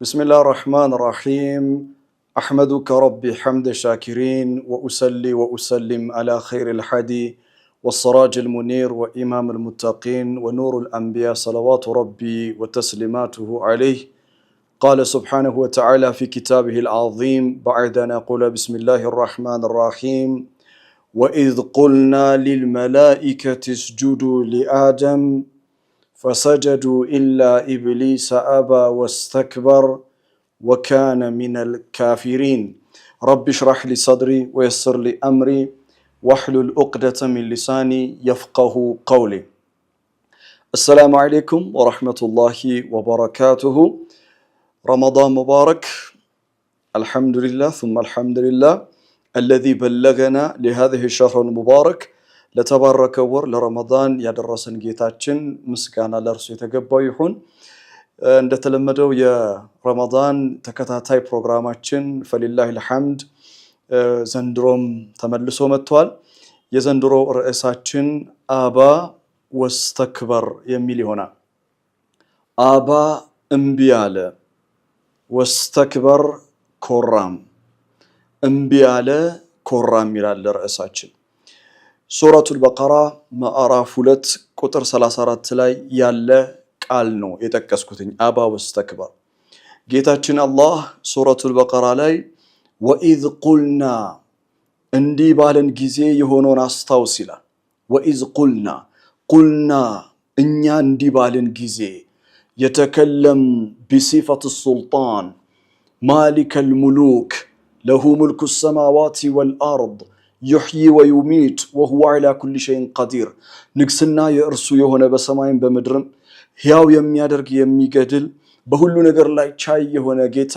بسم الله الرحمن الرحيم أحمدك ربي حمد شاكرين وأسلي وأسلم على خير الحدي والصراج المنير وإمام المتقين ونور الأنبياء صلوات ربي وتسليماته عليه قال سبحانه وتعالى في كتابه العظيم بعد أن أقول بسم الله الرحمن الرحيم وإذ قلنا للملائكة اسجدوا لآدم فسجدوا إلا إبليس أبى واستكبر وكان من الكافرين رب اشرح لي صدري ويسر لي أمري واحلل عقدة من لساني يفقه قولي السلام عليكم ورحمة الله وبركاته رمضان مبارك الحمد لله ثم الحمد لله الذي بلغنا لهذه الشهر المبارك ለተባረከ ወር ለረመዳን ያደረሰን ጌታችን ምስጋና ለእርሱ የተገባው ይሁን። እንደተለመደው የረመዳን ተከታታይ ፕሮግራማችን ፈሊላህ ልሐምድ ዘንድሮም ተመልሶ መጥቷል። የዘንድሮ ርዕሳችን አባ ወስተክበር የሚል ይሆናል። አባ እምቢ አለ፣ ወስተክበር ኮራም፣ እምቢ አለ ኮራም ይላል ርዕሳችን። ሱረቱል በቀራ ማዕራፍ ሁለት ቁጥር 34 ላይ ያለ ቃል ነው የጠቀስኩትኝ። አባ ወስተክበር ጌታችን አላህ ሱረቱል በቀራ ላይ ወኢዝ ቁልና እንዲህ ባለን ጊዜ የሆነውን አስታውስ ይላል። ወኢዝ ቁልና ቁልና እኛ እንዲህ ባልን ጊዜ የተከለም ቢሲፈት ሱልጣን ማሊከል ሙሉክ ለሁ ሙልኩ ሰማዋት ወልአርድ ዩሕይ ወዩሚት ወሁወ ላ ኩሊ ሸይን ቀዲር። ንግስና የእርሱ የሆነ በሰማይም በምድርም ሕያው የሚያደርግ የሚገድል በሁሉ ነገር ላይ ቻይ የሆነ ጌታ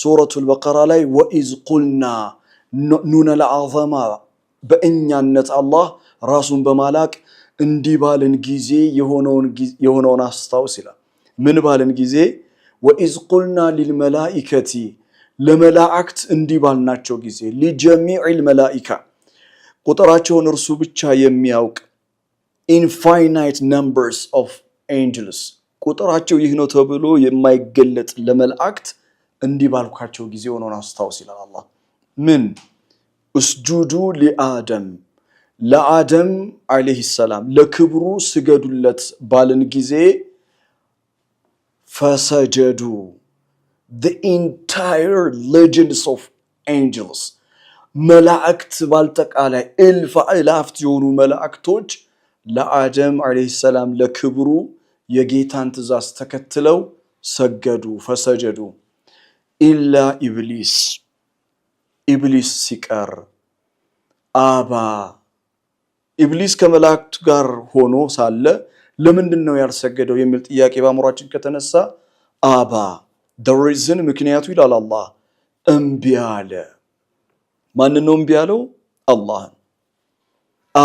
ሱረቱል በቀራ ላይ ወኢዝ ቁልና ኑነ ለአዘማ በእኛነት አላህ ራሱን በማላቅ እንዲህ ባልን ጊዜ የሆነውን አስታውስ ይላል። ምን ባልን ጊዜ ወኢዝ ቁልና ሊልመላኢከቲ ለመላእክት እንዲህ ባልናቸው ጊዜ ሊጀሚዕል መላኢካ ቁጥራቸውን እርሱ ብቻ የሚያውቅ ኢንፋይናይት ነምበርስ ኦፍ ኤንጅልስ ቁጥራቸው ይህ ነው ተብሎ የማይገለጥ ለመላእክት እንዲህ ባልኳቸው ጊዜ ሆኖን አስታውስ ይላል አላህ። ምን እስጁዱ ሊአደም ለአደም ዓለይህ ሰላም ለክብሩ ስገዱለት ባልን ጊዜ ፈሰጀዱ the entire legends of angels መላእክት ባልጠቃላይ እልፍ አእላፍት የሆኑ መላእክቶች ለአደም ዓለይሂ ሰላም ለክብሩ የጌታን ትእዛዝ ተከትለው ሰገዱ ፈሰጀዱ። ኢላ ኢብሊስ ኢብሊስ ሲቀር አባ ኢብሊስ ከመላእክቱ ጋር ሆኖ ሳለ ለምንድን ነው ያልሰገደው የሚል ጥያቄ በአእምሯችን ከተነሳ አባ ደሪዝን ምክንያቱ ይላል አላህ እምቢ አለ። ማንን ነው እምቢ ያለው? አላህን።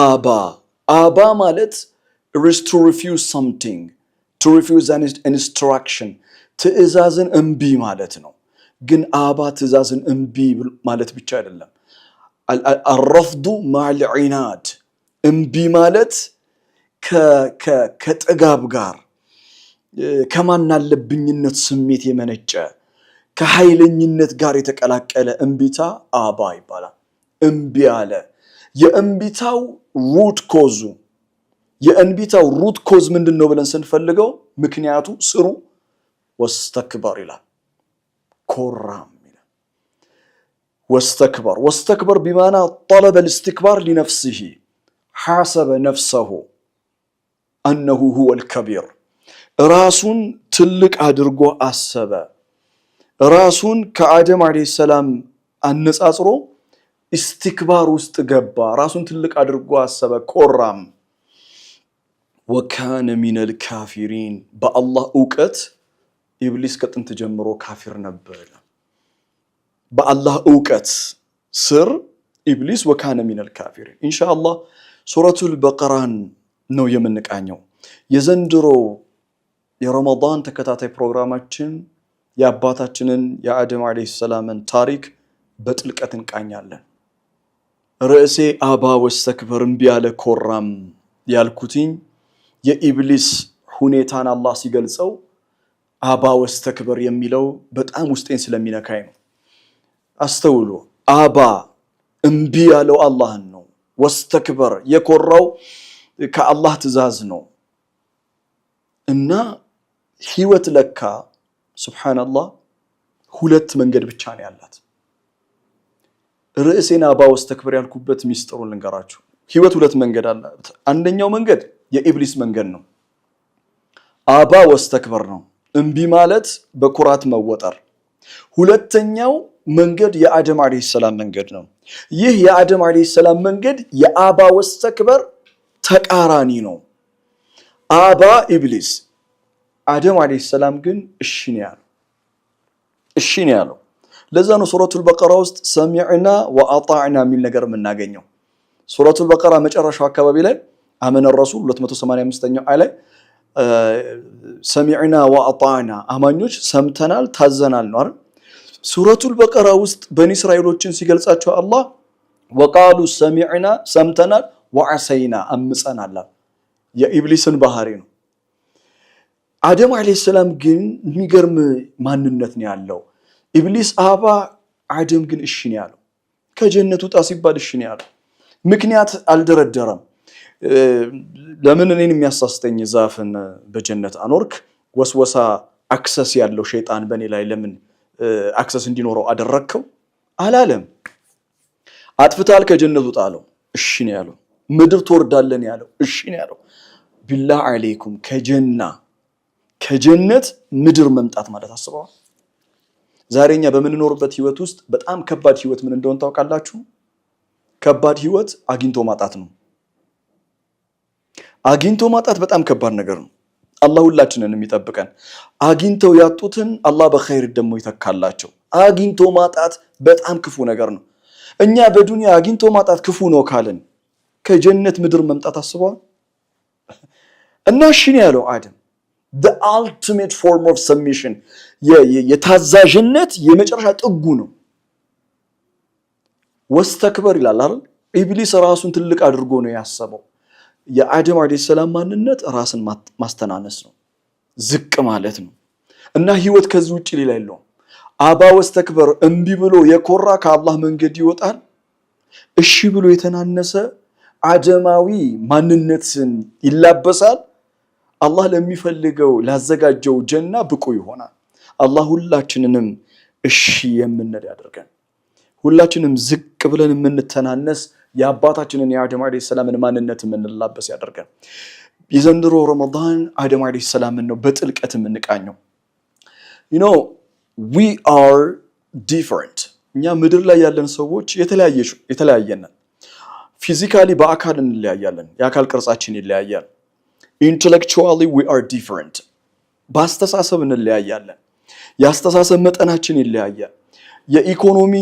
አባ አባ ማለት ሪስ ቱ ሪፊውዝ ሰምቲንግ ቱ ሪፊውዝ ኢንስትራክሽን ትዕዛዝን እምቢ ማለት ነው። ግን አባ ትዕዛዝን እምቢ ማለት ብቻ አይደለም። አረፍዱ ማልዒናድ እምቢ ማለት ከጥጋብ ጋር ከማናለብኝነት ስሜት የመነጨ ከኃይለኝነት ጋር የተቀላቀለ እምቢታ አባ ይባላል። እምቢ አለ። የእምቢታው ሩት ኮዙ የእንቢታው ሩት ኮዝ ምንድን ነው ብለን ስንፈልገው ምክንያቱ ስሩ ወስተክበር ይላል። ኮራም ይላል። ወስተክበር ወስተክበር ቢማና ጠለበ ልስትክባር ሊነፍስሂ ሓሰበ ነፍሰሁ አነሁ ሁወ ልከቢር ራሱን ትልቅ አድርጎ አሰበ። ራሱን ከአደም ዓለይሂ ሰላም አነጻጽሮ ኢስቲክባር ውስጥ ገባ። ራሱን ትልቅ አድርጎ አሰበ፣ ኮራም። ወካነ ሚነል ካፊሪን በአላህ እውቀት ኢብሊስ ከጥንት ጀምሮ ካፊር ነበር። በአላህ እውቀት ስር ኢብሊስ ወካነ ሚነል ካፊሪን። ኢንሻአላህ ሱረቱል በቀራን ነው የምንቃኘው የዘንድሮው የረመዳን ተከታታይ ፕሮግራማችን የአባታችንን የአደም ዓለይሂ ሰላምን ታሪክ በጥልቀት እንቃኛለን። ርዕሴ አባ ወስተክበር እምቢ ያለ ኮራም ያልኩትኝ የኢብሊስ ሁኔታን አላህ ሲገልጸው አባ ወስተክበር የሚለው በጣም ውስጤን ስለሚነካኝ ነው። አስተውሉ። አባ እምቢ ያለው አላህን ነው። ወስተክበር የኮራው ከአላህ ትዕዛዝ ነው እና ህይወት ለካ ሱብሓነላህ ሁለት መንገድ ብቻ ነው ያላት። ርዕሴን አባ ተክብር ያልኩበት ሚስጥሩን ልንገራችሁ። ህይወት ሁለት መንገድ አላት። አንደኛው መንገድ የኢብሊስ መንገድ ነው፣ አባ ወስተክበር ነው፣ እምቢ ማለት በኩራት መወጠር። ሁለተኛው መንገድ የአደም ዓለይሂ ሰላም መንገድ ነው። ይህ የአደም ዓለይሂ ሰላም መንገድ የአባ ወስተክበር ተቃራኒ ነው። አባ ኢብሊስ አደም ዓለይሂ ሰላም ግን እሺ ነው ያለው። እሺ ነው ያለው። ለዛ ነው ሱረቱል በቀራ ውስጥ ሰሚዕና ወአጣዕና የሚል ነገር የምናገኘው። ሱረቱል በቀራ መጨረሻው አካባቢ ላይ አመነ ረሱል 285ኛው አይ ላይ ሰሚዕና ወአጣዕና አማኞች ሰምተናል ታዘናል ነው አይደል? ሱረቱል በቀራ ውስጥ በኒ እስራኤሎችን ሲገልጻቸው አላህ ወቃሉ ሰሚዕና ሰምተናል ወዐሰይና አምፀናል የኢብሊስን ባህሪ ነው አደም ዓለይሂ ሰላም ግን የሚገርም ማንነት ነው ያለው። ኢብሊስ አባ አደም ግን እሺ ነው ያለው። ከጀነት ውጣ ሲባል እሺ ነው ያለው። ምክንያት አልደረደረም። ለምን እኔን የሚያሳስተኝ ዛፍን በጀነት አኖርክ? ወስወሳ አክሰስ ያለው ሸይጣን በእኔ ላይ ለምን አክሰስ እንዲኖረው አደረግከው አላለም። አጥፍታል፣ ከጀነት ውጣ አለው። እሺ ነው ያለው። ምድር ትወርዳለን ያለው እሺ ነው ያለው። ቢላህ አሌይኩም ከጀና ከጀነት ምድር መምጣት ማለት አስበዋል። ዛሬ እኛ በምንኖርበት ህይወት ውስጥ በጣም ከባድ ህይወት ምን እንደሆን ታውቃላችሁ? ከባድ ህይወት አግኝቶ ማጣት ነው። አግኝቶ ማጣት በጣም ከባድ ነገር ነው። አላህ ሁላችንን የሚጠብቀን። አግኝተው ያጡትን አላህ በኸይር ደግሞ ይተካላቸው። አግኝቶ ማጣት በጣም ክፉ ነገር ነው። እኛ በዱንያ አግኝቶ ማጣት ክፉ ነው ካልን ከጀነት ምድር መምጣት አስበዋል። እና ሽን ያለው አደም አልቲሜት ፎርም ኦፍ ሰብሚሽን የታዛዥነት የመጨረሻ ጥጉ ነው። ወስተክበር ይላል አይደል? ኢብሊስ ራሱን ትልቅ አድርጎ ነው ያሰበው። የአደም አዴ ሰላም ማንነት ራስን ማስተናነስ ነው፣ ዝቅ ማለት ነው። እና ህይወት ከዚህ ውጭ ሌላ የለውም። አባ ወስተክበር እምቢ ብሎ የኮራ ከአላህ መንገድ ይወጣል። እሺ ብሎ የተናነሰ አደማዊ ማንነትን ይላበሳል። አላህ ለሚፈልገው ላዘጋጀው ጀና ብቁ ይሆናል። አላህ ሁላችንንም እሺ የምንል ያደርገን። ሁላችንም ዝቅ ብለን የምንተናነስ የአባታችንን የአደም ዓለይሂ ሰላምን ማንነት የምንላበስ ያደርገን። የዘንድሮ ረመዳን አደም ዓለይሂ ሰላምን ነው በጥልቀት የምንቃኘው። ዩ ኖ ዊ አር ዲፈረንት። እኛ ምድር ላይ ያለን ሰዎች የተለያየነን። ፊዚካሊ በአካል እንለያያለን። የአካል ቅርጻችን ይለያያል። ኢንቴሌክቹዋሊ ዊ አር ዲፍረንት። በአስተሳሰብ እንለያያለን። የአስተሳሰብ መጠናችን ይለያያል። የኢኮኖሚ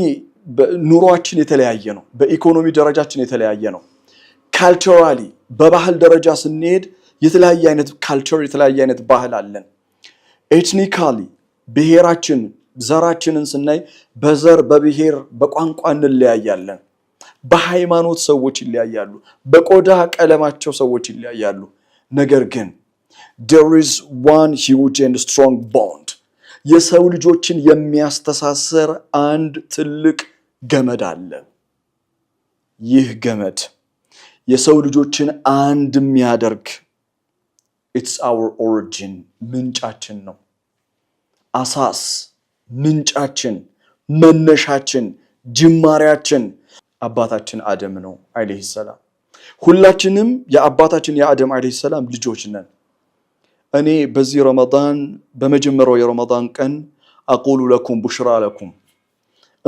ኑሯችን የተለያየ ነው። በኢኮኖሚ ደረጃችን የተለያየ ነው። ካልቸራሊ በባህል ደረጃ ስንሄድ የተለያየ አይነት ካልቸር የተለያየ አይነት ባህል አለን። ኤትኒካሊ ብሔራችን ዘራችንን ስናይ በዘር በብሔር በቋንቋ እንለያያለን። በሃይማኖት ሰዎች ይለያያሉ። በቆዳ ቀለማቸው ሰዎች ይለያያሉ። ነገር ግን there is one huge and strong bond የሰው ልጆችን የሚያስተሳሰር አንድ ትልቅ ገመድ አለ። ይህ ገመድ የሰው ልጆችን አንድ የሚያደርግ ኢትስ አወር ኦሪጂን ምንጫችን ነው። አሳስ ምንጫችን፣ መነሻችን፣ ጅማሬያችን አባታችን አደም ነው አለይሂ ሰላም። ሁላችንም የአባታችን የአደም ዓለይሂ ሰላም ልጆች ነን። እኔ በዚህ ረመዳን በመጀመሪያው የረመዳን ቀን አቁሉ ለኩም ቡሽራ ለኩም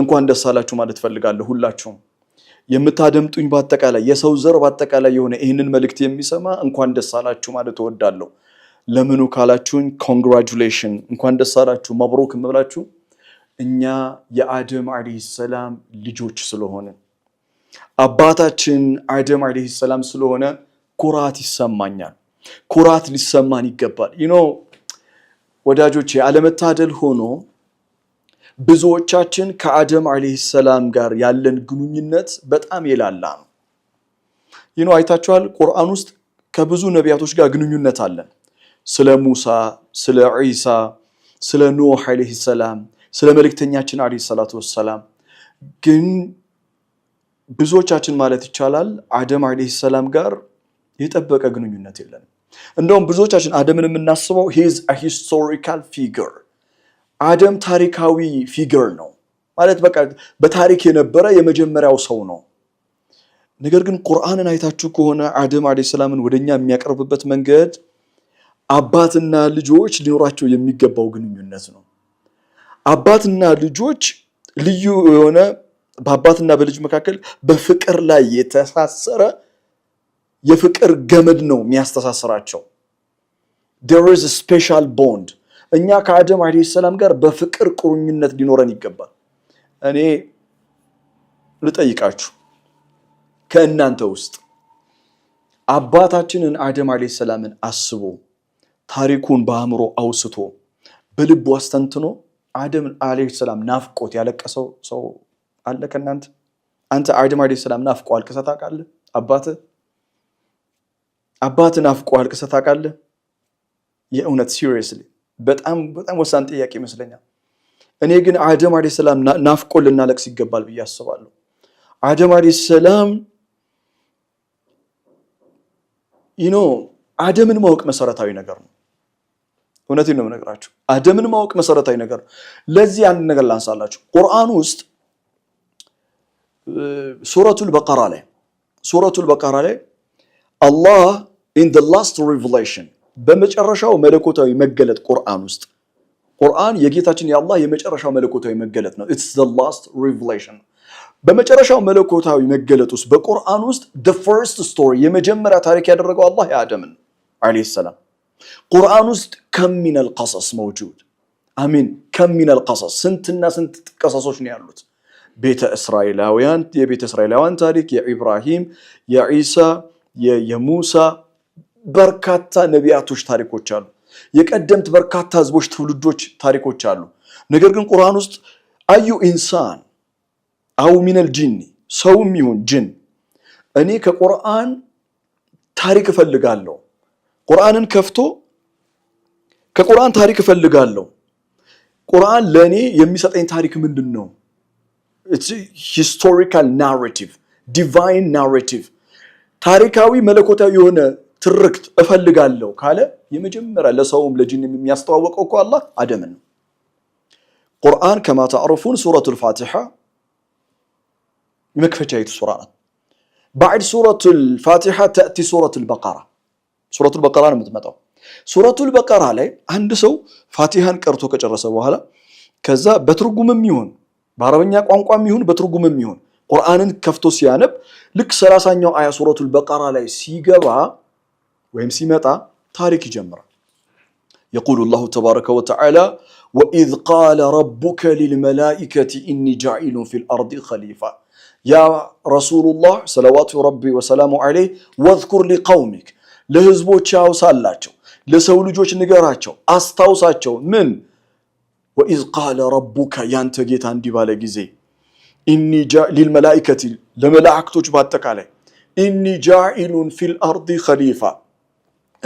እንኳን ደስ አላችሁ ማለት እፈልጋለሁ። ሁላችሁም የምታደምጡኝ በአጠቃላይ የሰው ዘር በአጠቃላይ የሆነ ይህንን መልእክት የሚሰማ እንኳን ደስ አላችሁ ማለት እወዳለሁ። ለምኑ ካላችሁኝ ኮንግራጁሌሽን እንኳን ደስ አላችሁ የምላችሁ እኛ የአደም ዓለይሂ ሰላም ልጆች ስለሆንን አባታችን አደም ዓለይሂ ሰላም ስለሆነ ኩራት ይሰማኛል። ኩራት ሊሰማን ይገባል። ይኖ ወዳጆቼ አለመታደል ሆኖ ብዙዎቻችን ከአደም ዓለይሂ ሰላም ጋር ያለን ግንኙነት በጣም የላላ ነው። ይኖ አይታችኋል። ቁርአን ውስጥ ከብዙ ነቢያቶች ጋር ግንኙነት አለን። ስለ ሙሳ፣ ስለ ዒሳ፣ ስለ ኖህ ሰላም፣ ስለ መልእክተኛችን ዓለይሂ ሰላቱ ወሰላም ግን ብዙዎቻችን ማለት ይቻላል አደም ዓለይሂ ሰላም ጋር የጠበቀ ግንኙነት የለንም። እንደውም ብዙዎቻችን አደምን የምናስበው ሂዝ ሂስቶሪካል ፊገር አደም ታሪካዊ ፊገር ነው ማለት በቃ በታሪክ የነበረ የመጀመሪያው ሰው ነው። ነገር ግን ቁርአንን አይታችሁ ከሆነ አደም ዓለይሂ ሰላምን ወደኛ የሚያቀርብበት መንገድ አባትና ልጆች ሊኖራቸው የሚገባው ግንኙነት ነው። አባትና ልጆች ልዩ የሆነ በአባትና በልጅ መካከል በፍቅር ላይ የተሳሰረ የፍቅር ገመድ ነው የሚያስተሳስራቸው። there is a እኛ ከአደም ዓለይሂ ሰላም ጋር በፍቅር ቁርኝነት ሊኖረን ይገባል። እኔ ልጠይቃችሁ ከእናንተ ውስጥ አባታችንን አደም ዓለይሂ ሰላምን አስቦ ታሪኩን በአእምሮ አውስቶ በልቡ አስተንትኖ አደም ዓለይሂ ሰላም ናፍቆት ያለቀሰው ሰው አለ ከእናንተ? አንተ አድም ዓለይሂ ሰላም ናፍቆ አልቅሰህ ታውቃለህ? አባት አባትህ ናፍቆ አልቅሰህ ታውቃለህ? የእውነት ሲሪየስሊ በጣም በጣም ወሳኝ ጥያቄ ይመስለኛል። እኔ ግን አደም ዓለይሂ ሰላም ናፍቆ ልናለቅስ ይገባል ብዬ አስባለሁ። አደም ዓለይሂ ሰላም ይኖ አደምን ማወቅ መሰረታዊ ነገር ነው። እውነት ነው የምነግራችሁ። አደምን ማወቅ መሰረታዊ ነገር ነው። ለዚህ አንድ ነገር ላንሳላችሁ። ቁርአን ውስጥ ሱረቱል በቀራ ላይ ሱረቱል በቀራ ላይ አላህ ኢን ዘ ላስት ሪቨሌሽን በመጨረሻው መለኮታዊ መገለጥ ቁርአን ውስጥ ቁርአን የጌታችን የአላህ የመጨረሻው መለኮታዊ መገለጥ ነው። ኢትስ ዘ ላስት ሪቨሌሽን በመጨረሻው መለኮታዊ መገለጥ ውስጥ በቁርአን ውስጥ ዘ ፈርስት ስቶሪ የመጀመሪያ ታሪክ ያደረገው አላህ የአደምን ዓለይሂ ሰላም ቁርአን ውስጥ ከሚነል ቀሰስ መውጁድ አሚን ከሚነል ቀሰስ ስንትና ስንት ቀሰሶች ነው ያሉት። ቤተ እስራኤላውያን የቤተ እስራኤላውያን ታሪክ የኢብራሂም፣ የዒሳ፣ የሙሳ በርካታ ነቢያቶች ታሪኮች አሉ። የቀደምት በርካታ ህዝቦች፣ ትውልዶች ታሪኮች አሉ። ነገር ግን ቁርአን ውስጥ አዩ ኢንሳን አው ሚነል ጂኒ ሰውም ይሁን ጅን እኔ ከቁርአን ታሪክ እፈልጋለሁ። ቁርአንን ከፍቶ ከቁርአን ታሪክ እፈልጋለሁ። ቁርአን ለእኔ የሚሰጠኝ ታሪክ ምንድን ነው? ሂስቶሪካል ናሬቲቭ ዲቫይን ናሬቲቭ ታሪካዊ መለኮታዊ የሆነ ትርክት እፈልጋለሁ ካለ የመጀመሪያ ለሰውም ለጅንም የሚያስተዋወቀው እኮ አላህ አደምን ነው። ቁርአን ከማ ተዕርፉን ሱረቱል ፋቲሓ የመክፈቻይቱ ሱራ ናት። ባዕድ ሱረቱል ፋቲሓ ተእቲ ሱረቱል በቀራ ሱረቱል በቀራ ነው የምትመጣው። ሱረቱል በቀራ ላይ አንድ ሰው ፋቲሃን ቀርቶ ከጨረሰ በኋላ ከዛ በትርጉምም ይሆን በአረበኛ ቋንቋም ይሁን በትርጉምም ይሁን ቁርአንን ከፍቶ ሲያነብ ልክ ሰላሳኛው አያ ሱረቱል በቀራ ላይ ሲገባ ወይም ሲመጣ ታሪክ ይጀምራል። የቁሉ ላሁ ተባረከ ወተዓላ ወኢዝ ቃለ ረቡከ ሊልመላኢከቲ ኢኒ ጃኢሉን ፊል አርዲ ኸሊፋ ያ ረሱሉላህ ሰለዋቱ ረቢ ወሰላሙ ዐለይህ ወዝኩር ሊቀውሚክ ለህዝቦች ያውሳላቸው፣ ለሰው ልጆች ንገራቸው፣ አስታውሳቸው ምን ወኢዝ ቃለ ረቡከ ያንተ ጌታ እንዲህ ባለ ጊዜ ኢኒ ለመላእክቶች በአጠቃላይ ኢኒ ጃኢሉን ፊል አርዲ ኸሊፋ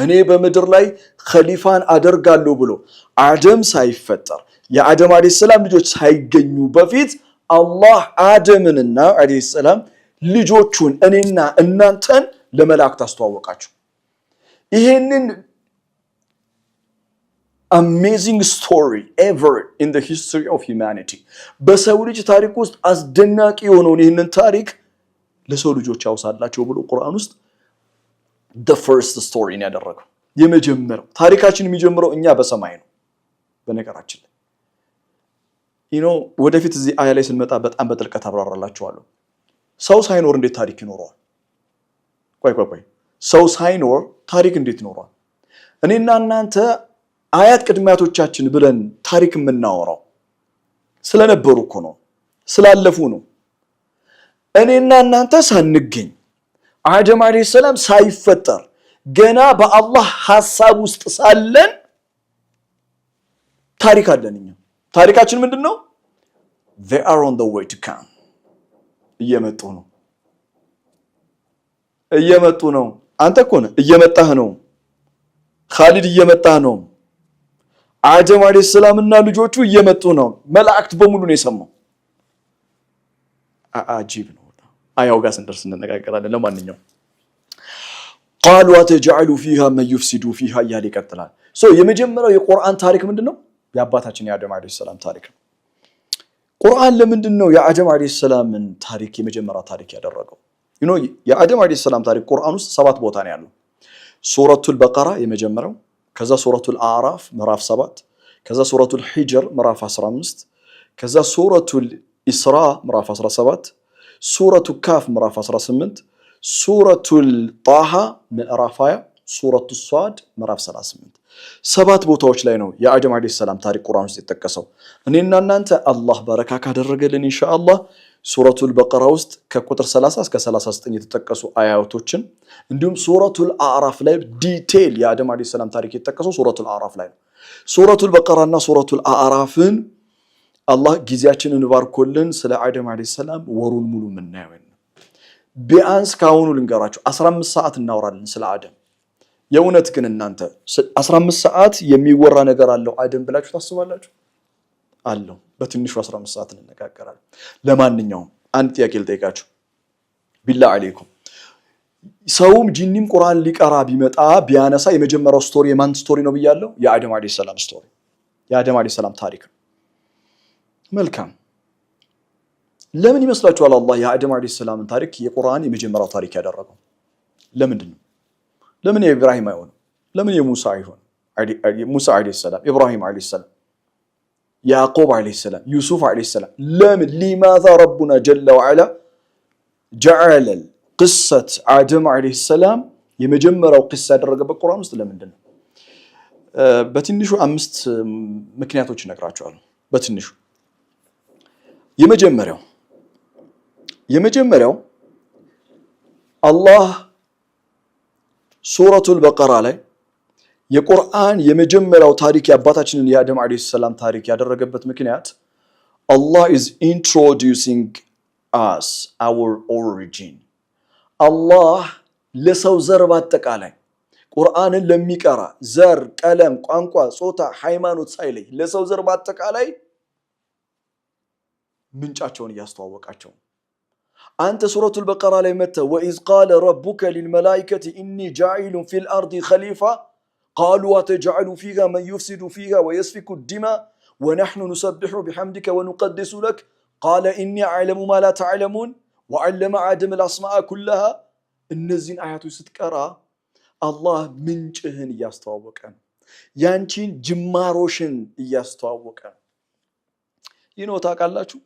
እኔ በምድር ላይ ኸሊፋን አደርጋለሁ ብሎ አደም ሳይፈጠር የአደም ዓለይሂ ሰላም ልጆች ሳይገኙ በፊት አላህ አደምንና ዓለይሂ ሰላም ልጆቹን እኔና እናንተን ለመላእክት አስተዋወቃቸው። ይሄንን አሜዚንግ ስቶሪ ኤቨር ኢን ሂስትሪ ኦፍ ሂውማኒቲ በሰው ልጅ ታሪክ ውስጥ አስደናቂ የሆነውን ይህንን ታሪክ ለሰው ልጆች አውሳላቸው ብሎ ቁርአን ውስጥ ዘ ፈርስት ነው ያደረገው የመጀመሪያው ታሪካችን የሚጀምረው እኛ በሰማይ ነው። በነገራችን ላይ ኖ ወደፊት እዚህ አያ ላይ ስንመጣ በጣም በጥልቀት አብራራላችኋለሁ። ሰው ሳይኖር እንዴት ታሪክ ይኖረዋል? ቆይ ቆይ ቆይ ሰው ሳይኖር ታሪክ እንዴት ይኖረዋል? እኔና እናንተ አያት ቅድሚያቶቻችን ብለን ታሪክ የምናወራው ስለነበሩ እኮ ነው፣ ስላለፉ ነው። እኔና እናንተ ሳንገኝ አደም ዓለይሂ ሰላም ሳይፈጠር ገና በአላህ ሐሳብ ውስጥ ሳለን ታሪክ አለን። እኛ ታሪካችን ምንድን ነው? they are እየመጡ ነው፣ እየመጡ ነው። አንተ እኮ ነህ፣ እየመጣህ ነው። ካሊድ እየመጣህ ነው። አደም ዓለይሂ ሰላም እና ልጆቹ እየመጡ ነው። መላእክት በሙሉ ነው የሰማው። አጂብ ነው። አያው ጋር ስንደርስ እንነጋገራለን። ለማንኛውም ቃሉ አተጅዐሉ ፊሃ መዩፍሲዱ ዩፍሲዱ ፊሃ እያለ ይቀጥላል። የመጀመሪያው የቁርአን ታሪክ ምንድን ነው? የአባታችን የአደም ዓለይሂ ሰላም ታሪክ ነው። ቁርአን ለምንድን ነው የአደም ዓለይሂ ሰላምን ታሪክ የመጀመሪያ ታሪክ ያደረገው? የአደም ዓለይሂ ሰላም ታሪክ ቁርአን ውስጥ ሰባት ቦታ ነው ያለው። ሱረቱል በቀራ የመጀመሪያው ከዛ ሱረቱል አዕራፍ ምዕራፍ 7 ከዛ ሱረቱል ሂጅር ምዕራፍ 15 ከዛ ሱረቱል ኢስራ ምዕራፍ 17 ሱረቱ ካፍ ምዕራፍ 18 ሱረቱል ጣሃ ምዕራፍ 20 ሱረቱ ሷድ ምዕራፍ 38 ሰባት ቦታዎች ላይ ነው የአደም ዓለይሂ ሰላም ታሪክ ቁርአን ውስጥ የጠቀሰው። እኔና እናንተ አላህ በረካ ካደረገልን ኢንሻአላህ ሱረቱል በቀራ ውስጥ ከቁጥር 30 እስከ 39 የተጠቀሱ አያቶችን እንዲሁም ሱረቱል አዕራፍ ላይ ዲቴል የአደም ዓለይሂ ሰላም ታሪክ የተጠቀሰው ሱረቱል አዕራፍ ላይ ነው። ሱረቱል በቀራና ሱረቱል አዕራፍን አላህ ጊዜያችንን ባርኮልን ስለ አደም ዓለይሂ ሰላም ወሩን ሙሉ የምናየው ቢያንስ ከአሁኑ ልንገራችሁ 15 ሰዓት እናወራለን ስለ አደም። የእውነት ግን እናንተ 15 ሰዓት የሚወራ ነገር አለው አደም ብላችሁ ታስባላችሁ? አለው በትንሹ 15 ሰዓት እንነጋገራለን። ለማንኛውም አንድ ጥያቄ ልጠይቃችሁ ቢላ አሌይኩም ሰውም ጂኒም ቁርአን ሊቀራ ቢመጣ ቢያነሳ የመጀመሪያው ስቶሪ የማን ስቶሪ ነው ብያለው? የአደም ዓለይሂ ሰላም ስቶሪ፣ የአደም ዓለይሂ ሰላም ታሪክ ነው። መልካም ለምን ይመስላችኋል አላህ የአደም ዓለይሂ ሰላምን ታሪክ የቁርአን የመጀመሪያው ታሪክ ያደረገው? ለምንድን ነው? ለምን የኢብራሂም አይሆንም? ለምን የሙሳ አይሆንም? ሙሳ ዓለይሂ ሰላም፣ ኢብራሂም ዓለይሂ ሰላም፣ ያዕቆብ ዓለይሂ ሰላም፣ ዩሱፍ ዓለይሂ ሰላም ለምን ሊማዛ ረቡና ጀለ ወዐላ ጀዐለል ቅሰት አደም ዓለይሂ ሰላም የመጀመሪያው ቅስ ያደረገበት ቁርአን ውስጥ ለምንድን ነው? በትንሹ አምስት ምክንያቶች እነግራቸዋለሁ። በትንሹ የመጀመሪያው የመጀመሪያው አላህ ሱረቱል በቀራ ላይ የቁርአን የመጀመሪያው ታሪክ የአባታችንን የአደም ዓለይሂ ሰላም ታሪክ ያደረገበት ምክንያት አላህ ኢዝ ኢንትሮዲውሲንግ አስ አወር ኦሪጂን الله لسو زر زربات تقالي قرآن لمي كرا زر كلم قانقوا صوتا حيمانو تسايلي لسو زربات تقالي منج من ياستوا يستوى وكاتون أنت سورة البقرة لي متى وإذ قال ربك للملائكة إني جاعل في الأرض خليفة قالوا وتجعل فيها من يفسد فيها ويسفك الدماء ونحن نسبح بحمدك ونقدس لك قال إني أعلم ما لا تعلمون ወዐለመ አደም ልአስማአ ኩላሃ እነዚህን አያቶች ስትቀራ አላህ ምንጭህን እያስተዋወቀ ነው። ያንቺን ጅማሮሽን እያስተዋወቀ ነው። ይህ ነው ታውቃላችሁ።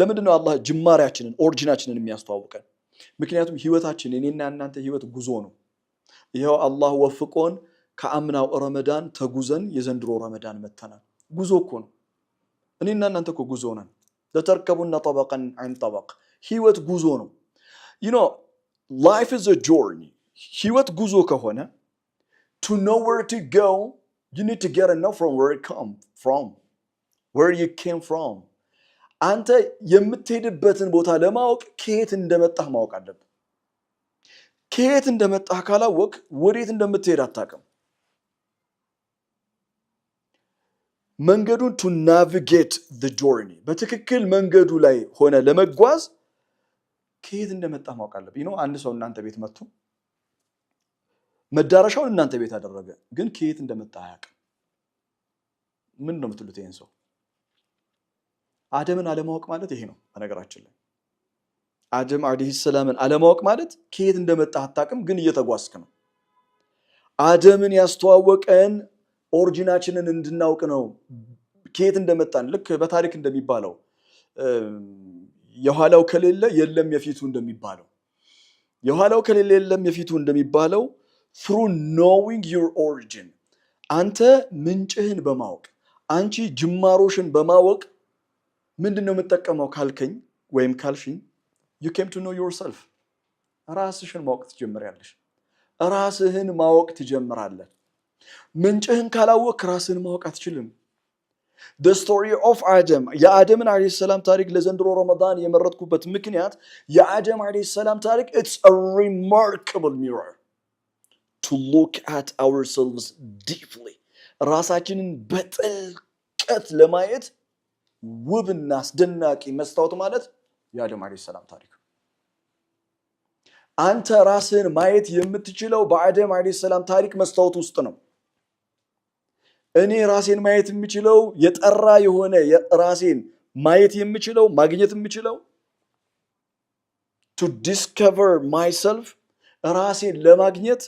ለምንድን ነው አላህ ጅማሬያችንን ኦሪጂናችንን የሚያስተዋውቀን? ምክንያቱም ህይወታችን እኔና እናንተ ህይወት ጉዞ ነው። ይኸው አላህ ወፍቆን ከአምናው ረመዳን ተጉዘን የዘንድሮ ረመዳን መተናል። ጉዞ እኮ ነው። እኔና እናንተ እኮ ጉዞ ነን። ለተርከቡና ጠበቀን ዐን ጠበቅ ህይወት ጉዞ ነው። ዩ ላይፍ ኢዝ ጆርኒ። ህይወት ጉዞ ከሆነ ቱ ኖ ወር ቱ ጎ ዩ ኒድ ቱ ጌት ነው ፍሮም ወር ካም ፍሮም ወር ዩ ኬም ፍሮም አንተ የምትሄድበትን ቦታ ለማወቅ ከየት እንደመጣህ ማወቅ አለብህ። ከየት እንደመጣህ ካላወቅ ወዴት እንደምትሄድ አታውቅም። መንገዱን ቱ ናቪጌት ጆርኒ በትክክል መንገዱ ላይ ሆነ ለመጓዝ ከየት እንደመጣ ማወቅ አለብኝ ነው። አንድ ሰው እናንተ ቤት መጥቶ መዳረሻውን እናንተ ቤት አደረገ፣ ግን ከየት እንደመጣ አያውቅም። ምን ነው የምትሉት ይህን ሰው? አደምን አለማወቅ ማለት ይሄ ነው። በነገራችን ላይ አደም ዓለይሂ ሰላምን አለማወቅ ማለት ከየት እንደመጣ አታውቅም፣ ግን እየተጓዝክ ነው። አደምን ያስተዋወቀን ኦሪጂናችንን እንድናውቅ ነው። ከየት እንደመጣን ልክ በታሪክ እንደሚባለው የኋላው ከሌለ የለም የፊቱ እንደሚባለው የኋላው ከሌለ የለም የፊቱ እንደሚባለው ትሩ ኖዊንግ ዩር ኦሪጂን አንተ ምንጭህን በማወቅ አንቺ ጅማሮሽን በማወቅ ምንድን ነው የምጠቀመው ካልከኝ ወይም ካልሽኝ ዩ ኬም ቱ ኖ ዩር ሰልፍ ራስሽን ማወቅ ትጀምሪያለሽ። ራስህን ማወቅ ትጀምራለህ። ምንጭህን ካላወቅ ራስህን ማወቅ አትችልም። ደ ስቶሪ ኦፍ አደም የአደምን ዓለይሂ ሰላም ታሪክ ለዘንድሮ ረመዳን የመረጥኩበት ምክንያት የአደም ዓለይሂ ሰላም ታሪክ ኢትስ አ ሪማርካብል ሚረር ቱ ሉክ አት አወርሰልቭስ ዲፕሊ ራሳችንን በጥልቀት ለማየት ውብና አስደናቂ መስታወት ማለት የአደም ዓለይሂ ሰላም ታሪክ። አንተ ራስህን ማየት የምትችለው በአደም ዓለይሂ ሰላም ታሪክ መስታወት ውስጥ ነው። እኔ ራሴን ማየት የምችለው የጠራ የሆነ ራሴን ማየት የምችለው ማግኘት የምችለው ቱ ዲስከቨር ማይሰልፍ ራሴን ለማግኘት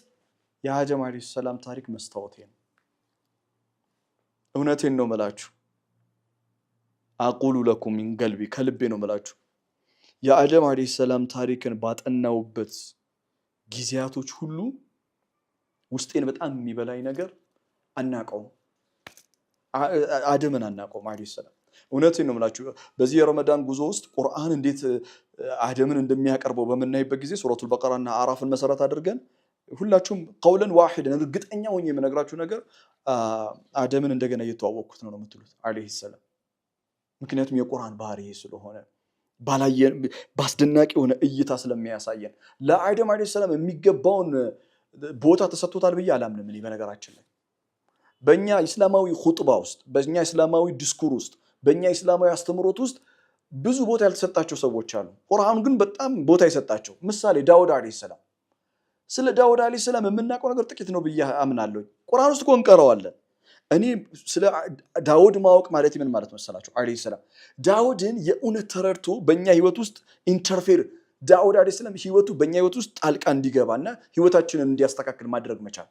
የሀጀም ዓለይሂ ሰላም ታሪክ መስታወቴ ነው። እውነቴን ነው ምላችሁ አቁሉ ለኩም ሚንገልቢ ከልቤ ነው መላችሁ። የአደም ዓለይሂ ሰላም ታሪክን ባጠናውበት ጊዜያቶች ሁሉ ውስጤን በጣም የሚበላኝ ነገር አናቀውም። አደምን አናውቀውም አለ ሰላም። እውነቴን ነው የምላችሁ። በዚህ የረመዳን ጉዞ ውስጥ ቁርአን እንዴት አደምን እንደሚያቀርበው በምናይበት ጊዜ ሱረቱል በቀራና አራፍን መሰረት አድርገን ሁላችሁም ቀውለን ዋሂድን እርግጠኛ ሆኜ የምነግራችሁ ነገር አደምን እንደገና እየተዋወቅኩት ነው ነው የምትሉት አለይሂ ሰላም። ምክንያቱም የቁርአን ባህሪ ስለሆነ በአስደናቂ የሆነ እይታ ስለሚያሳየን ለአደም አለይሂ ሰላም የሚገባውን ቦታ ተሰጥቶታል ብዬ አላምንም እኔ በነገራችን ላይ በእኛ ኢስላማዊ ሁጥባ ውስጥ በእኛ ኢስላማዊ ዲስኩር ውስጥ በእኛ ኢስላማዊ አስተምሮት ውስጥ ብዙ ቦታ ያልተሰጣቸው ሰዎች አሉ። ቁርአኑ ግን በጣም ቦታ የሰጣቸው። ምሳሌ ዳውድ ዓለይሂ ሰላም። ስለ ዳውድ ዓለይሂ ሰላም የምናውቀው ነገር ጥቂት ነው ብዬ አምናለሁ። ቁርአን ውስጥ እኮ እኔ ስለ ዳውድ ማወቅ ማለት ምን ማለት መሰላቸው? ዓለይሂ ሰላም ዳውድን የእውነት ተረድቶ በእኛ ህይወት ውስጥ ኢንተርፌር ዳውድ ዓለይሂ ሰላም ህይወቱ በእኛ ህይወት ውስጥ ጣልቃ እንዲገባና ህይወታችንን እንዲያስተካክል ማድረግ መቻል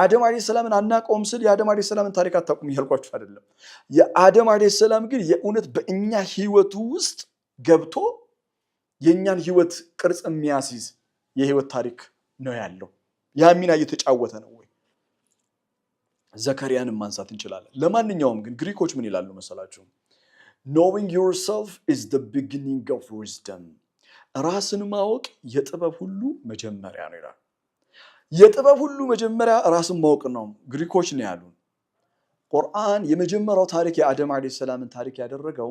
አደም አለ ሰላምን አናቀውም ስል የአደም አለ ሰላምን ታሪክ አታውቁም እያልኳችሁ አይደለም። የአደም አለ ሰላም ግን የእውነት በእኛ ህይወቱ ውስጥ ገብቶ የእኛን ህይወት ቅርጽ የሚያስይዝ የህይወት ታሪክ ነው ያለው። ያ ሚና እየተጫወተ ነው ወይ? ዘካርያንም ማንሳት እንችላለን። ለማንኛውም ግን ግሪኮች ምን ይላሉ መሰላችሁ? ኖዊንግ ዮርሰልፍ ኢዝ ዘ ቢጊኒንግ ኦፍ ዊዝደም፣ ራስን ማወቅ የጥበብ ሁሉ መጀመሪያ ነው ይላሉ። የጥበብ ሁሉ መጀመሪያ ራስን ማወቅ ነው፣ ግሪኮች ነው ያሉ። ቁርአን የመጀመሪያው ታሪክ የአደም ዓለይሂ ሰላምን ታሪክ ያደረገው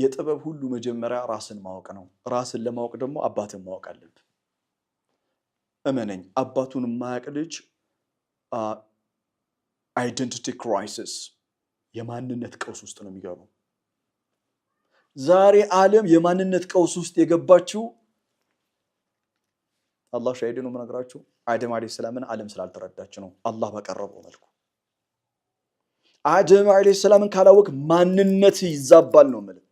የጥበብ ሁሉ መጀመሪያ ራስን ማወቅ ነው። ራስን ለማወቅ ደግሞ አባትን ማወቅ አለብ። እመነኝ፣ አባቱን የማያውቅ ልጅ አይደንቲቲ ክራይሲስ የማንነት ቀውስ ውስጥ ነው የሚገቡ። ዛሬ ዓለም የማንነት ቀውስ ውስጥ የገባችው አላህ ሻሂድ ነው የምነግራችሁ። አደም ዓለይሂ ሰላምን ዓለም ስላልተረዳች ነው አላህ በቀረበው መልኩ። አደም ዓለይሂ ሰላምን ካላወቅ ማንነት ይዛባል ነው የምልህ።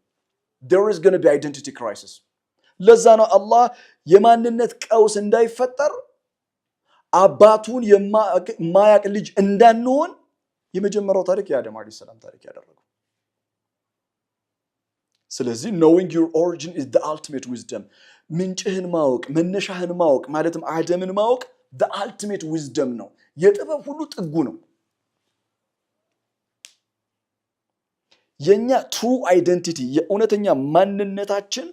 there is going to be identity ለዛ ነው አላህ የማንነት ቀውስ እንዳይፈጠር አባቱን የማያቅ ልጅ እንዳንሆን የመጀመሪያው ታሪክ የአደም ዓለይሂ ሰላም ታሪክ ያደረገው ስለዚህ ኖዊንግ ዩር ኦሪጂን ኢዝ ዘ አልቲሜት ዊዝደም ምንጭህን ማወቅ መነሻህን ማወቅ ማለትም አደምን ማወቅ ዘ አልቲሜት ዊዝደም ነው። የጥበብ ሁሉ ጥጉ ነው። የእኛ ትሩ አይደንቲቲ የእውነተኛ ማንነታችን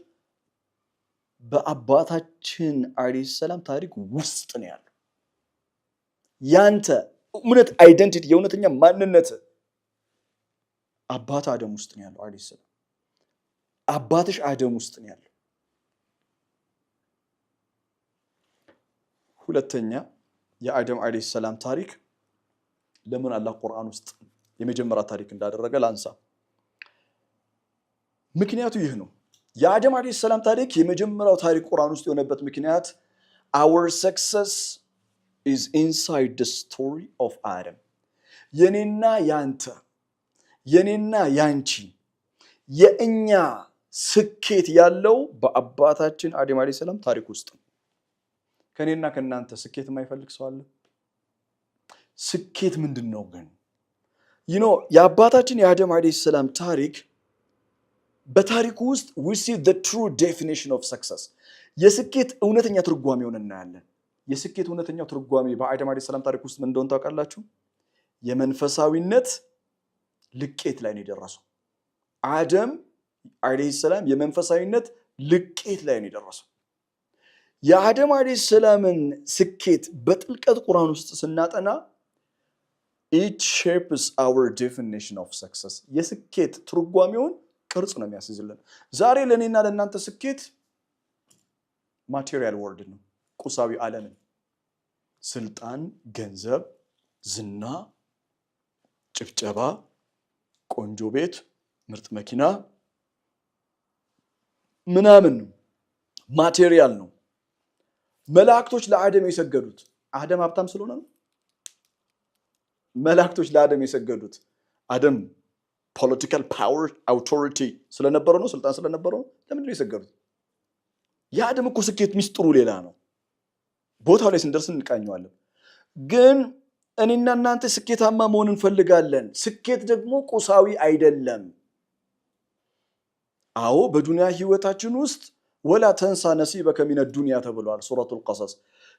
በአባታችን አለይሂ ሰላም ታሪክ ውስጥ ነው ያለው። ያንተ እውነት አይደንቲቲ የእውነተኛ ማንነት አባት አደም ውስጥ ነው ያለው አለይሂ ሰላም አባትሽ አደም ውስጥ ነው ያለው። ሁለተኛ የአደም ዓለይሂ ሰላም ታሪክ ለምን አላህ ቁርአን ውስጥ የመጀመሪያ ታሪክ እንዳደረገ ላንሳ። ምክንያቱ ይህ ነው። የአደም ዓለይሂ ሰላም ታሪክ የመጀመሪያው ታሪክ ቁርአን ውስጥ የሆነበት ምክንያት አወር ሰክሰስ ኢዝ ኢንሳይድ ደ ስቶሪ ኦፍ አደም፣ የኔና ያንተ፣ የኔና ያንቺ፣ የእኛ ስኬት ያለው በአባታችን አደም ዓለይሂ ሰላም ታሪክ ውስጥ ነው። ከእኔና ከእናንተ ስኬት የማይፈልግ ሰው አለ? ስኬት ምንድን ነው ግን? ይኖ የአባታችን የአደም ዓለይሂ ሰላም ታሪክ በታሪኩ ውስጥ we see the የስኬት እውነተኛ ትርጓሜውን እናያለን። የስኬት እውነተኛው ትርጓሜ በአደም ዓለይሂ ሰላም ታሪክ ውስጥ ምን እንደሆነ ታውቃላችሁ? የመንፈሳዊነት ልቄት ላይ ነው የደረሰው አደም አለይሂ ሰላም የመንፈሳዊነት ልቄት ላይ ነው የደረሰው። የአደም አለይሂ ሰላምን ስኬት በጥልቀት ቁርአን ውስጥ ስናጠና ኢት ሼፕስ አወር ዴፊኒሽን ኦፍ ሰክሰስ የስኬት ትርጓሜውን ቅርጽ ነው የሚያስይዝልን። ዛሬ ለእኔና ለእናንተ ስኬት ማቴሪያል ወርድ ነው፣ ቁሳዊ ዓለምን፣ ስልጣን፣ ገንዘብ፣ ዝና፣ ጭብጨባ፣ ቆንጆ ቤት፣ ምርጥ መኪና ምናምን ነው፣ ማቴሪያል ነው። መላእክቶች ለአደም የሰገዱት አደም ሀብታም ስለሆነ ነው። መላእክቶች ለአደም የሰገዱት አደም ፖለቲካል ፓወር አውቶሪቲ ስለነበረው ነው፣ ስልጣን ስለነበረው ነው። ለምንድን የሰገዱት? የአደም እኮ ስኬት ሚስጥሩ ሌላ ነው። ቦታው ላይ ስንደርስ እንቃኘዋለን። ግን እኔና እናንተ ስኬታማ መሆን እንፈልጋለን። ስኬት ደግሞ ቁሳዊ አይደለም። አዎ በዱንያ ህይወታችን ውስጥ ወላ ተንሳ ነሲበ ከሚነ ዱንያ ተብሏል። ሱረቱል ቀሰስ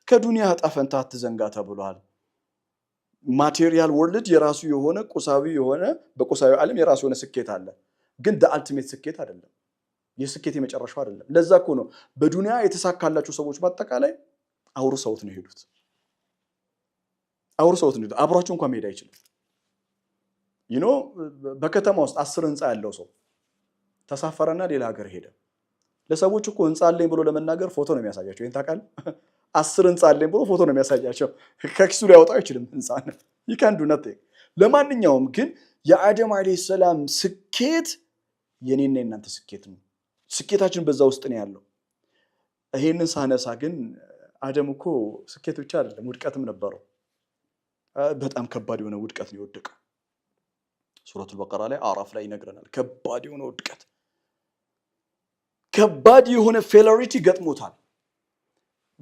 ከዱንያ እጣ ፈንታ አትዘንጋ ተብሏል። ማቴሪያል ወርልድ የራሱ የሆነ ቁሳዊ የሆነ በቁሳዊ ዓለም የራሱ የሆነ ስኬት አለ፣ ግን አልቲሜት ስኬት አይደለም። የስኬት የመጨረሻው አይደለም። ለዛ እኮ ነው በዱንያ የተሳካላቸው ሰዎች በአጠቃላይ አውር ሰውት ነው ሄዱት አውር ሰውት ነው ሄዱት። አብሯቸው እንኳን መሄድ አይችልም። ይኖ በከተማ ውስጥ አስር ህንፃ ያለው ሰው ተሳፈረና ሌላ ሀገር ሄደ። ለሰዎች እኮ ህንፃ አለኝ ብሎ ለመናገር ፎቶ ነው የሚያሳያቸው። ይህን ታውቃለህ? አስር ህንፃ አለኝ ብሎ ፎቶ ነው የሚያሳያቸው። ከኪሱ ሊያወጣው አይችልም ይከንዱ ነ ለማንኛውም ግን የአደም ዓለይሂ ሰላም ስኬት የኔና የናንተ ስኬት ነው። ስኬታችን በዛ ውስጥ ነው ያለው። ይሄንን ሳነሳ ግን አደም እኮ ስኬት ብቻ አይደለም ውድቀትም ነበረው። በጣም ከባድ የሆነ ውድቀት ነው የወደቀው። ሱረቱል በቀራ ላይ አራፍ ላይ ይነግረናል። ከባድ የሆነ ውድቀት ከባድ የሆነ ፌለሪቲ ገጥሞታል።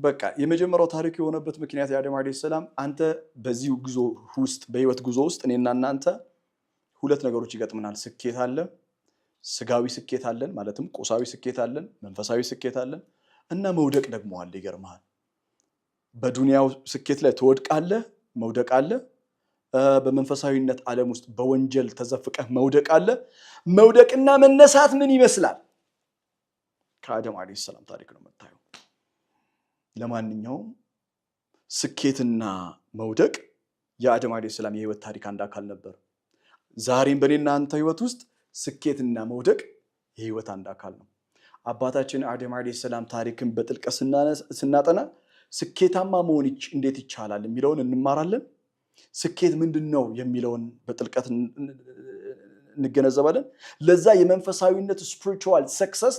በቃ የመጀመሪያው ታሪክ የሆነበት ምክንያት የአደም ዓለይሂ ሰላም አንተ በዚህ ጉዞ ውስጥ በህይወት ጉዞ ውስጥ እኔና እናንተ ሁለት ነገሮች ይገጥምናል። ስኬት አለ፣ ስጋዊ ስኬት አለን፣ ማለትም ቁሳዊ ስኬት አለን፣ መንፈሳዊ ስኬት አለን እና መውደቅ ደግሞ አለ። ይገርመሃል፣ በዱንያው ስኬት ላይ ትወድቃለህ፣ መውደቅ አለ። በመንፈሳዊነት ዓለም ውስጥ በወንጀል ተዘፍቀህ መውደቅ አለ። መውደቅና መነሳት ምን ይመስላል? ከአደም ዓለይሂ ሰላም ታሪክ ነው የምታየው። ለማንኛውም ስኬትና መውደቅ የአደም ዓለይሂ ሰላም የህይወት ታሪክ አንድ አካል ነበር። ዛሬም በእኔና አንተ ህይወት ውስጥ ስኬትና መውደቅ የህይወት አንድ አካል ነው። አባታችን አደም ዓለይሂ ሰላም ታሪክን በጥልቀት ስናጠና ስኬታማ መሆን እንዴት ይቻላል የሚለውን እንማራለን። ስኬት ምንድን ነው የሚለውን በጥልቀት እንገነዘባለን። ለዛ የመንፈሳዊነት ስፒሪቹዋል ሰክሰስ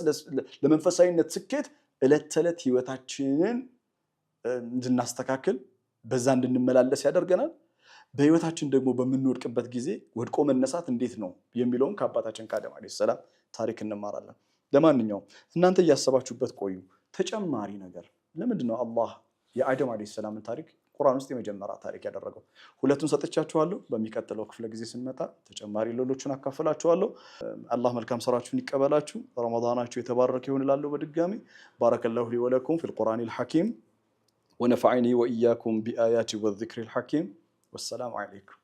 ለመንፈሳዊነት ስኬት እለት ተዕለት ህይወታችንን እንድናስተካክል በዛ እንድንመላለስ ያደርገናል። በህይወታችን ደግሞ በምንወድቅበት ጊዜ ወድቆ መነሳት እንዴት ነው የሚለውን ከአባታችን ከአደም ዓለይሂ ሰላም ታሪክ እንማራለን። ለማንኛውም እናንተ እያሰባችሁበት ቆዩ። ተጨማሪ ነገር ለምንድን ነው አላህ የአደም ዓለይሂ ሰላምን ታሪክ ቁርአን ውስጥ የመጀመሪያ ታሪክ ያደረገው። ሁለቱን ሰጥቻችኋለሁ። በሚቀጥለው ክፍለ ጊዜ ስንመጣ ተጨማሪ ሌሎቹን አካፍላችኋለሁ። አላህ መልካም ስራችሁን ይቀበላችሁ። ረመዳናችሁ የተባረከ ይሁን እላለሁ። በድጋሚ ባረከላሁ ሊ ወለኩም ፊል ቁርአኒል ሐኪም ወነፈዐኒ ወኢያኩም ቢአያቲ ወዝክሪል ሐኪም ወሰላም አለይኩም